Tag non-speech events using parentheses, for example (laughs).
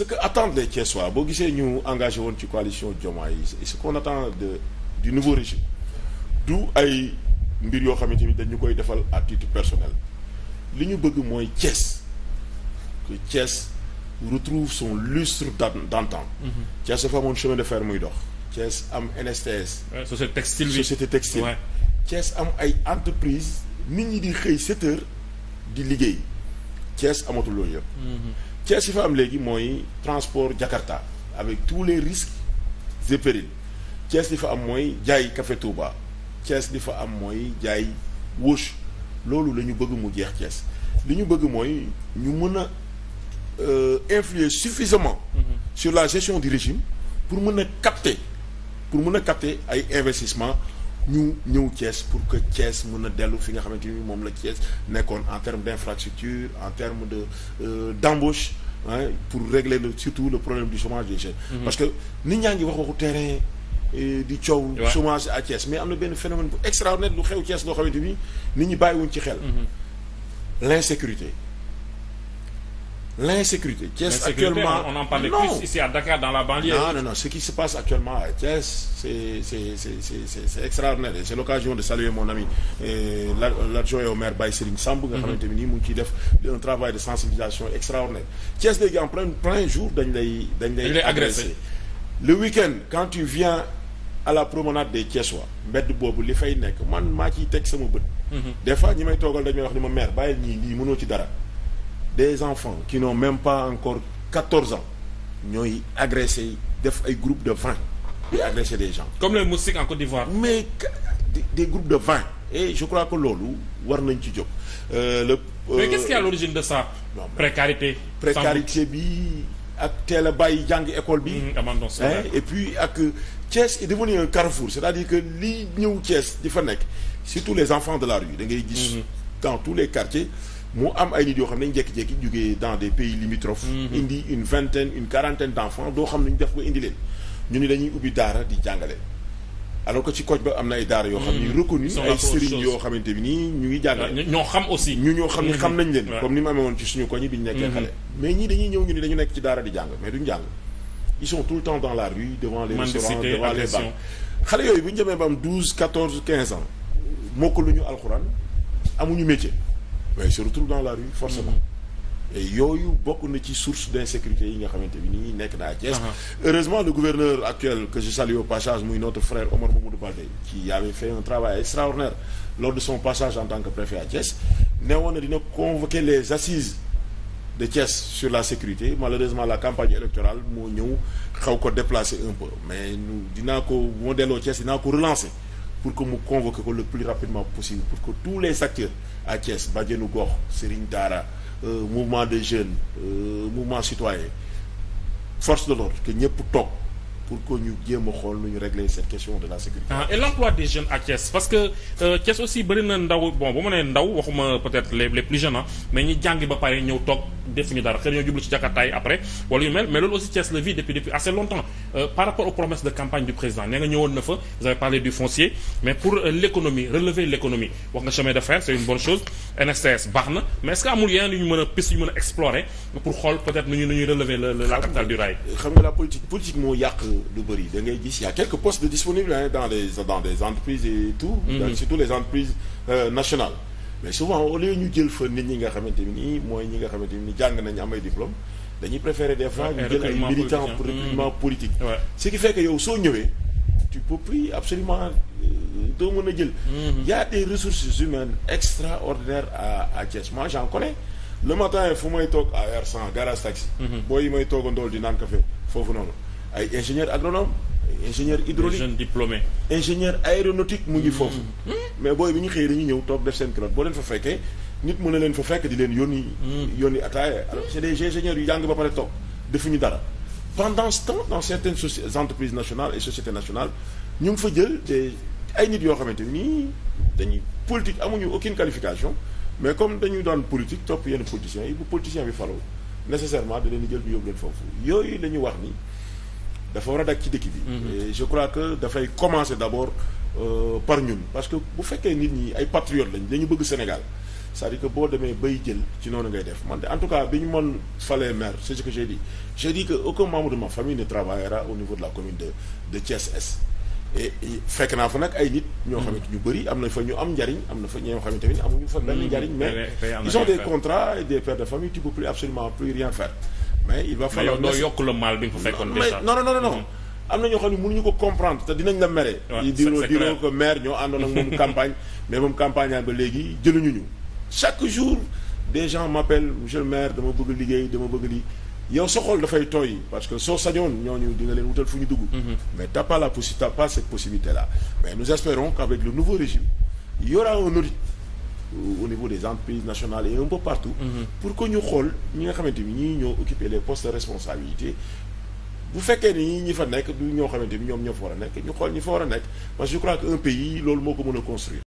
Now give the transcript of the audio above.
ce que attendent les Thiessois boo gisee ñu engagé woon ci coalition Diomaye yi ce qu'on attend de du nouveau régime du ay mbir yoo xamante ni dañu koy defal à titre li ñu bëgg mooy Thiès que Thiès retrouve son lustre d'antan mm-hmm. Thiès dafa amoon chemin de fer muy dox Thiès am NSTS société textile société textile Thiès am ay entreprise nit ñi di xëy 7 di liggéey Thiès amatul loolu yëpp mm-hmm. Thiès yi fa am léegi mooy transport Jakarta avec tous les risques et périls Thiès li fa am mooy jaay Café Touba Thiès li fa am mooy jaay Wóoch loolu la ñu bëgg mu jeex Thiès li ñu bëgg mooy ñu mën a euh, influer suffisamment mm -hmm. sur la gestion du régime pour mën a capter pour mën a capter ay investissement ñu ñëw Thiès pour que Thiès mën a dellu fi nga xamante ni moom la Thiès nekkoon en termes d'infrastructure en termes de euh, d'embauche ah pour régler le surtout le problème du chômage des jeunes. Mm parce que nit ñaa ngi wax waxu terrain eh, di coow. chômage à Thiès mais am na benn phénomène bu extraordinaire lu xew Thiès loo xamante ni nit ñi bàyyiwuñ ci xel. Mhm. l'insécurité. l'insécurité Thiès actuellement on en parlait plus la banlieue non non non ce qui se passe actuellement à Thiès c'est c'est c'est c'est extraordinaire c'est l'occasion de saluer mon ami euh, l'adjoint au maire Baye Serigne Samb nga mhm. xamante ni mu ngi def un travail de sensibilisation extraordinaire Thiès jour dañ lay dañ lay agressé le week-end quand tu viens à la promenade des Thiessois mbedd boobu li fay nekk man maa ci teg sama bët mhm. des fois ñi may toogal dañuy wax ni ma maire bàyyil ñii lii noo ci dara des enfants qui n'ont même pas encore quatorze ans ñooy agressé def ay groupe de vingt di agresser des gens. comme les moustiques en Côte d'Ivoire. mais des, des groupes de vingt. et je crois que loolu war nañ ci jóg. Euh, le euh, mais qu'est-ce qui est à l'origine de ça. précarité. précarité bi ak teel a bàyyi jàng école bi. Mmh, abandon scolaire et puis ak Thiès est devenu un carrefour c'est-à-dire que li ñëw Thiès di fa nekk surtout les enfants de la rue da ngay gis. Mmh. dans tous les quartiers. mu am ay nit yoo xam ne dañ jékki-jékki jógee dans des pays limitrophes. Mhm. indi une vingtaine une quarantaine d' doo xam ne ñu def ba indi leen ñu ni dañuy ubbi daara di jàngale. alors que ci koñ ba am na ay daara yoo xam ni mhm. reconnu ay sëriñ yoo xamante bi nii ñu ngi jàngale ñoo xam aussi ñu ñoo xam ni xam nañ leen mhm. comme ni mu amee woon ci suñu koñ bi ñu nekkee xale mais ñii dañuy ñëw ñu ni dañu nekk ci daara di jàng mais duñ jàng ils tout le temps dans la rue devant les restaurants ñu demee ba am ñu alxuraan mais se retrouve dans la rue forcément mm-hmm. et yooyu bokk na ci source d'insécurité yi nga xamante ni ñi nekk naa Thiès uh-huh. heureusement le gouverneur actuel que je salue au passage muy notre frère Omar Mamadou Baldé qui avait fait un travail extraordinaire lors de son passage en tant que préfet à ne woon dina convoquer les assises de Thiès sur la sécurité malheureusement la campagne électorale moo ñëw xaw ko déplacer un peu mais dinaa ko bu ma delloo Thiès dinaa ko relancer pour que mu convoque ko le plus rapidement possible pour que tous les acteurs à Thiès Bajenu Gox Serigne Daara euh, mouvement des jeunes euh, mouvement citoyen force de l'ordre que ñëpp toog pour que ñu jéem a xool nu ñu régler cette question de la sécurité. Ah, et l'emploi des jeunes à Thiès parce que euh, aussi bëri na ndaw bon bu ma nee ndaw waxuma peut-être les les plus jeunes ah mais ñi jàngi ba pare ñëw toog. defuñu dara xëy na ñoo jublu ci jakartaay après wala yu mel mais loolu aussi Thiès la vie depuis depuis assez longtemps euh, par rapport aux promesses de campagne du président nee nga ñëwoon na fa vous avez parlé du foncier mais pour euh, l'économie relever l'économie wax nga chemin de fer c'est une bonne chose NSTS baax na mais est-ce que amul yeneen yu ñu a piste yu ñu mën a explorer pour xool peut-être nu nu relever la la du rail. xam nga la politique moo mais souvent au lieu ñu jël fa nit ñi nga xamante ni mooy ñi nga xamante nii jàng nañu amay ay diplôme dañuy préférer des fois ñu jël ay militant pour recrutement politique ce qui fait que yow soo ñëwee tu peux plus absolument euh, doo mën a jël mm-hmm. y a des ressources humaines extraordinaires à à Thiès moi j'en connais le fu may toog à R100 garage taxi mm-hmm. boo yi may toogandool di naan café foofu noonu ay ingénieur agronome ingénieur hydraulique jeune diplômé ingénieur aéronautique mu ngi mm-hmm. foofu mm-hmm. mais booy bi ñu xëy dañuy ñëw toog def seen culotte boo leen fa fekkee nit mën na leen fa fekk di leen yoon mm-hmm. yónni ataaya alors c'est des ingénieurs yu jàng ba pare toog ñu dara pendant ce temps dans certaines entreprises nationales et sociétés ñu ngi fa jël des ay nit yoo xamante nii dañuy politique amuñu aucune qualification mais comme dañu daan politique topp yenn politiciens yi bu politicien bi faloo nécessairement da leen jël bi yóbbu leen foofu yooyu la ñu wax ni dafa war a daj ci dëkk bi. Mhm. je crois que dafay commencer d'abord euh, par ñun parce que bu fekkee nit ñi ay patriotes lañ dañu bëgg Sénégal cest à que boo demee bay jël ci noonu ngay def man de en tout cas bi ñu mën falee maire c'est ce que j'ai dit j'ai dit que aucun membre de ma famille ne travaillera au niveau de la commune de de Thiès et fekk naa fa nag ay nit. ñoo mhm. xamante ñu bëri am na fa ñu am njariñ am na fa ñoo xamante ne amuñu fa benn mhm. njariñ. mais ils ont mais il va falloir mais yokk la mal bi nga fa fekkoon déjà mm-hmm. am na ñoo xam ne mënuñu ko comprendre te dinañ la mere. yi diroo diroo ko maire ñoo àndoon ak moom (laughs) campagne mais moom campagne ba léegi jëluñu ñu. chaque jour des gens m'appellent monsieur le maire dama bëgg liggéey dama bëgg lii yow sa xol dafay tooy parce que soo sañoon ñooñu di nga leen wutal fu ñu dugg. Mm-hmm. mais t'as pas la possi t'as pas cette possibilité là mais nous espérons qu'avec le nouveau régime il y au niveau des entreprises nationales et un peu partout. Mhm. pour que ñu xool ñi nga xamante ni ñii ñoo occuper les postes de bu fekkee ni ñi fa nekk du ñoo xamante ni ñoom ñoo fa war a nekk ñu xool ñi fa war a nekk parce que je crois que un pays loolu moo ko mën a construire.